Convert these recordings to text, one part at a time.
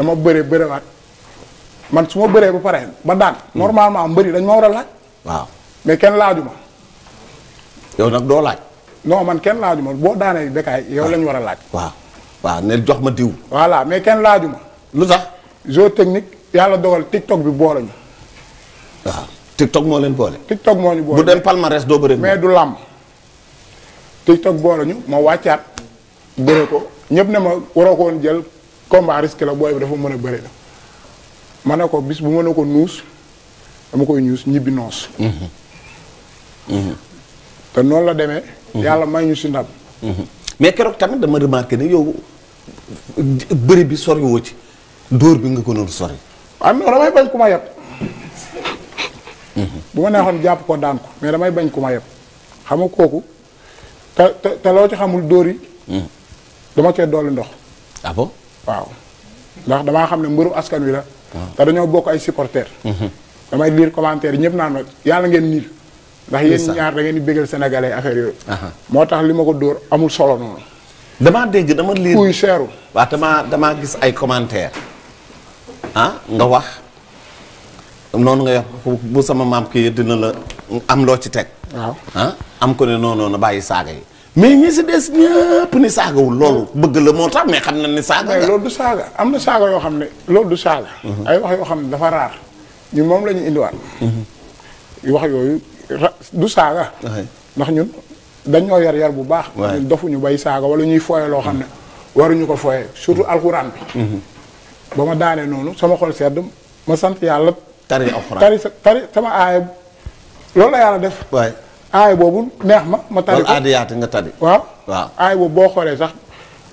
dama bëre bërewaat man su ma bëree ba pare ba daan. Hmm. normalement mbëri dañ ma war a laaj. waaw mais kenn laaju ma. yow nag doo laaj. non man kenn laaju ma boo daanee Bécaye yow lañu war a laaj. waaw waaw ne jox ma diw. voilà mais kenn laaju ma. lu tax. jeu technique yàlla dogal TikTok bi boole ñu. waaw TikTok moo leen boole. TikTok moo ñu boole bu dem palmarès doo bëri. mais du làmb TikTok boole ñu ma wàccaat bëre ko ñëpp ne ma waroo ko woon jël. combat risque la booy bi dafa mën a bëri la ma ne ko bis bu ma ne ko nuus dama koy ñuus ñibbi noos. Mm-hmm. Mm-hmm. te noonu la demee. Mm-hmm. yàlla may ñu si ndam. mais keroog tamit dama remarqué ne yow bi sori ci dóor bi nga ko noonu sori. ah non damay bañ ku ma yeb. bu ma neexoon jàpp ko daan ko mais damay bañ ku ma yeb xam nga kooku te te te loo ci xamul dóor yi. dama cee dolli ndox. Ah waaw ndax damaa xam ne mbëru askan wi la. te dañoo bokk ay supporters. Mhm. damay lire commentaire ñëpp naa ma yàlla ngeen niil. ndax yéen ñaar da ngeen di bégal sénégalais affaire yooyu. moo tax li ma ko dóor amul solo noonu. damaa dégg dama lire kuy seeru. waaw damaa gis ay commentaire ah nga wax noonu nga wax bu sama maam kii dina la am loo ci teg. waaw ah, am ko ne noonu na bàyyi saaga yi. mais ñi si des ñëpp ni saagawul loolu bëgg la moo tax mais xam na ni saaga loolu du saaga am na saaga yoo xam ne loolu du saaga mhm. ay wax yoo xam ne dafa raar ñun moom la ñu indiwaat mhm. wax yooyu du saaga ndax ñun dañoo yar yar bu baax ñun dofuñu bay saaga wala ñuy fooye loo xam ne mhm. waruñu ko fooye surtout alxuraan bi ba ma daanee noonu sama xol sedd ma sant yàlla tari alxuraan tari tari sama aaya loolu la yàlla def aay boobu neex ma ma tari ko aadiyaati nga tari waaw waaw aay boobu boo xoolee sax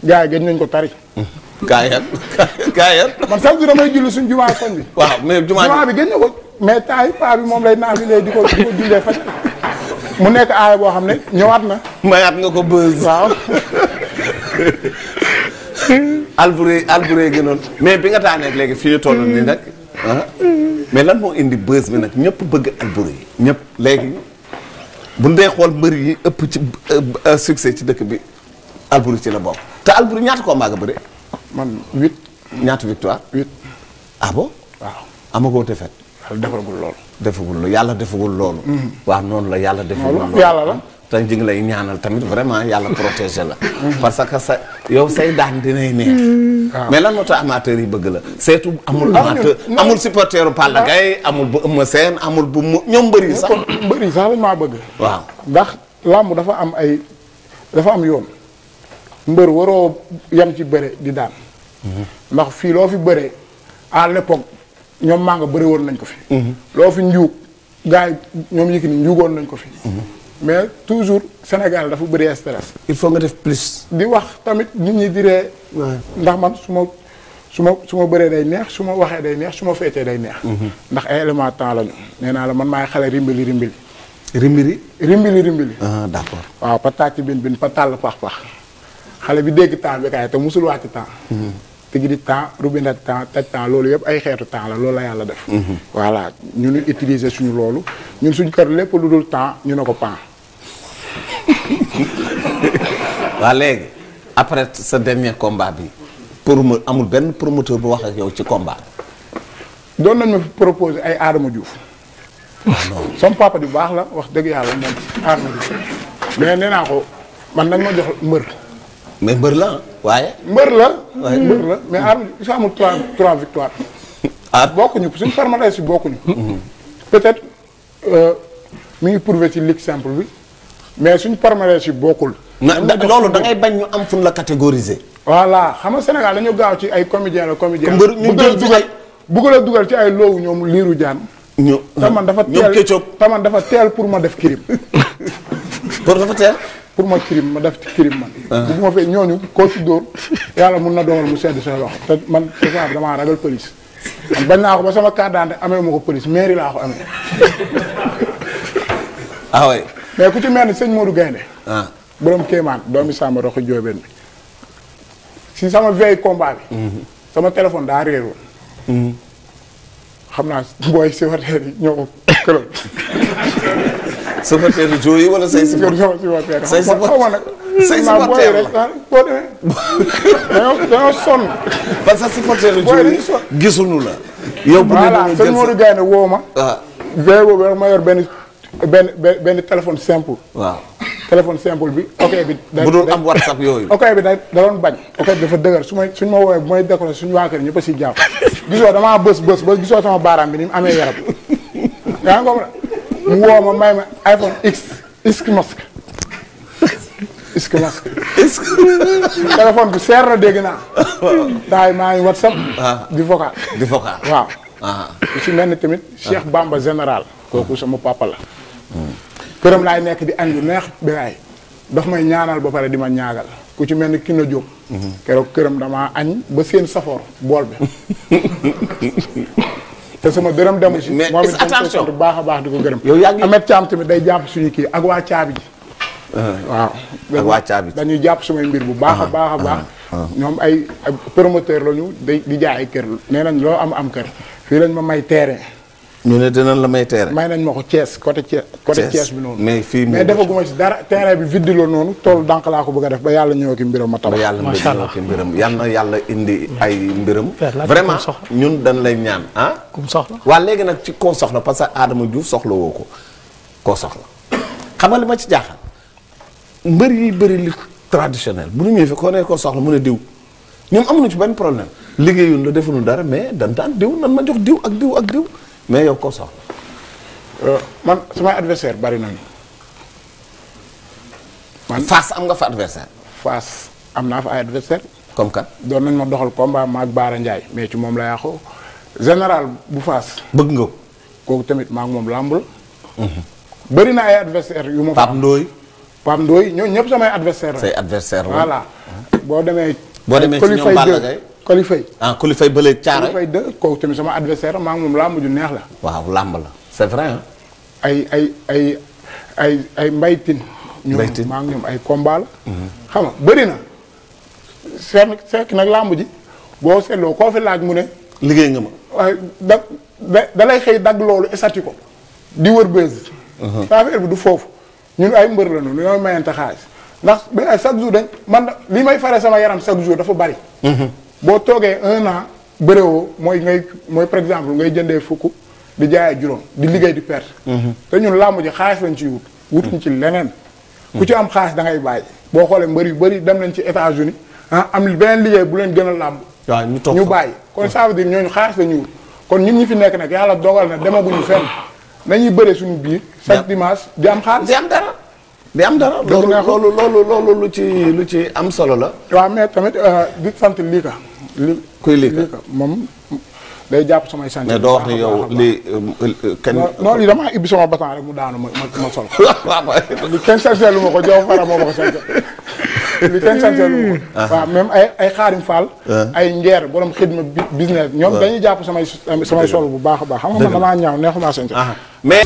gars yi gën nañ ko tari gaayan gaayan man sax du damay julli suñ jumaa koñ bi waaw mais jumaa bi gën na mais taay moom lay naan li di ko di ko mu nekk aay boo xam ne ñëwaat na mayaat nga ko bës waaw alburé alburé gi noonu mais bi nga taanee léegi fii ñu toll nii nag ah, mais lan moo indi bës bi nag ñëpp bëgg alburé yi ñëpp léegi bu dee xool mbër yi ëpp ci euh, euh, succès ci dëkk bi Alboury ci la bokk te Alboury ñaata combat nga bëre. man huit. ñaata victoire. huit ah bon. waaw amagoo défaite. yàlla defagul loolu. defagul loolu yàlla defagul loolu. Mm-hmm. waaw noonu la yàlla defagul loolu. yàlla la te ñu ngi ñaanal tamit vraiment yàlla protéger la. Mm-hmm. yow say daan dinay neex. Mm. mais lan moo tax amateurs yi bëgg la seetu amul. amateur amul supporteru Palla ah. Gaye amul bu Eumeu Sène amul bu mu ñoom mbëri sax. mbëri sax lañ maa bëgg. waaw ndax làmb dafa am ay dafa am yoon. mbër waroo yam ci bëre di daan. Mm-hmm. ndax fii loo fi bëre à ñoom maa nga bëri woon nañ ko fi. Mm-hmm. loo fi njuug gars yi ñoom Yékini njuugoon nañ ko fi. Mm-hmm. mais toujours Sénégal dafa bëri stress. il faut nga def plus. di wax tamit nit ñi di ree ndax man su ma su ma su ma bëree day neex su ma waxee day neex su ma feetee day neex. Mhm. ndax ay élément temps lañu nee naa la man maay xale rimbili rimbili. rimbili. rimbili rimbili. ah d'accord. waaw pa tàcc bin bin pa tàll pax pax xale bi dégg temps bi kaay te musul wàcc temps. Mhm. tigi di temps rubinda temps taj loolu yëpp ay xeetu temps la loolu la yàlla def. Mhm. voilà ñu ngi utiliser suñu loolu ñun suñu kër lépp lu dul temps ñu ne ko pan. waa léegi après sa dernier combat bi pour mu amul benn promoteur bu wax ak yow ci combat. doon nañ ma fi proposé ay Adama Diouf. Ah, non papa di baax la wax dëgg yàlla moom mais nee naa ko man nañ ma jox mbër. mais mbër la waaye. mbër la. waaye la mais Adama Diouf amul trois trois victoires. ah bokkuñu suñu palmarès si bokkuñu. Mhm. peut-être euh, mi ngi prouvé ci ligue simple bi. mais suñu palmarès yi bokkul. loolu da ngay bañ ñu am fu la catégoriser. voilà xam nga Sénégal dañu gaaw ci ay comédien la comédien. mbër ñu jël dugal bëgg la dugal ci ay loowu ñoom liiru jaan. ñu taman dafa teel taman dafa teel pour ma def crime. pour dafa teel. pour ma crime ma def ci crime man. Ah. bu ma fee ñooñu koo ci dóor yàlla mun na dogal mu sedd sa loxo te man te saa damaa ragal police. bañ naa ko ba sama carte d'identité amee ma ko police mairie laa ko amee. ah oui. mais ku ci mel ni sëñ Modou Gaynde ah borom doomi Samba Roxo Joobeen bi si sama veille combat bi. Mhm. sama téléphone daa réer woon. Mhm. xam naa booy supporter yi ñoo ko këram. supporter yi rek boo sonn. parce que la. yow bu dee ma. Ah. yor benn. benn benn téléphone simple. waaw téléphone simple bi. ok bi bu dul am whatsapp yooyu. ok bi da doon bañ. ok bi dafa dëgër su suñ ma woowee bu may décoller suñu waa kër ñëpp a siy jàpp gisoo damaa bës bës ba gisoo sama baaraam bi ni mu amee yaram. yaa ngi ko mu woo ma may ma iPhone X X masque X masque. téléphone bi seer na dégg naa. daay maa ngi whatsapp. Ah. di vocal. di vocal waaw. su ah. mel ni tamit Cheikh ah. Bamba général. kooku sama papa la. këram laay nekk di añ yu neex bi waay daf may ñaanal ba pare di ma ñaagal ku ci mel ni Kina Diop. Mhm. keroog këram damaa añ ba seen safoor bool bi. te sama dërëm demu si. mais est attention moom it baax a baax di ko gërëm. yow yaa ngi Amet Thiam tamit day jàpp suñu kii ak waa caabi ji. Ah. waaw ak waa dañuy jàpp sumay mbir bu baax a ah. baax a baax. Ah. ñoom ay promoteur lañu day di jaay ay kër nee nañ loo am am kër fii lañ ma may terrain. ñu ne dinañ la may terrain. may nañ ko Thiès côté Thiès. côté Thiès bi noonu. mais fii mais defaguma ci dara bi viddi la noonu toolu dànk ko bëgg a def ba yàlla ñëw ki mbiram ma tabax. macha allah ba na yàlla indi ay mbiram. vraiment ñun dañ lay ñaan ah. kum soxla waa léegi nag ci koo soxla parce que Adama Diouf soxla woo ko koo soxla xam nga li ma ci jaaxal mbër yi bëri li traditionnel bu ñu ñëwee fi koo soxla mu ne diw ñoom amuñu ci benn problème liggéeyuñ la defuñu dara mais dan dantaan diw nan ma jox diw ak diw ak diw mais yow ko sax euh, man samay adversaire bari nañu man Fass am nga fa adversaire Fass am naa fa ay adversaire comme doon nañ ma doxal combat ma ak Baara Ndiaye mais ci moom la yàqu général bu Fass bëgg nga kooku tamit maa moom làmbul mhm. bëri na ay adversaire yu ma fa Pape Ndoye Pape Ndoye ñoo ñëpp samay adversaire say adversaire voilà boo demee boo demee ci ñoom Balla Gaye Colifay. ah Colifay bële Thiaroye Colifay de kooku tamit sama adversaire maa ngi moom làmb ju neex la. waaw làmb la c'est vrai ay ay ay ay ay mbaytin. mbaytin ñoom maa ñoom ay combat la. Mhm. xam nga bëri na. seen fekk nag làmb ji boo seetloo koo fi laaj mu ne. liggéey nga ma. da da lay xëy dagg loolu esati ko. di wër bés. Mhm. affaire bi du foofu ñu ñun ay mbër la ñu ñooy mayante xaalis ndax ba chaque jour dañ man li may fare sama yaram chaque jour dafa bari. Mhm. boo toogee un an mooy ngay mooy par exemple ngay jëndee fukk di jaayee juróom di liggéey di perte. Mhm. te ñun làmb ji xaalis nañ ciy wut. wut ñu ci leneen. ku ci am xaalis da ngay bàyyi. boo xoolee mbër yu bëri dem nañ ci États-Unis ah am beneen liggéey bu leen gën a làmb. waaw ñu toog ñu bàyyi kon ça veut ñooñu xaalis la ñu wut. kon ñun ñi fi nekk nag yàlla dogal na demaguñu fenn nañuy bëre suñu biir. chaque dimanche di am xaalis di am dara. di am dara loolu loolu loolu loolu lu ci lu ci am solo la. waaw mais tamit euh, di sant lii ka. kuy lii moom day jàpp samay sant. mais doo wax ni yow lii euh, euh, kenn. non lii damaa ibbi sama bataan mu daanu ma ma ma sol. waaw li kenn santeelu ma ko jox fara moo ma ko sant li kenn santeelu ma ko. Ah. waaw même ay ay xaarim faal. Ah. ay njeer borom xidma business. ñoom ah. dañuy jàpp samay samay sol bu baax a baax. xam nga man damaa ñaaw neexuma sant mais.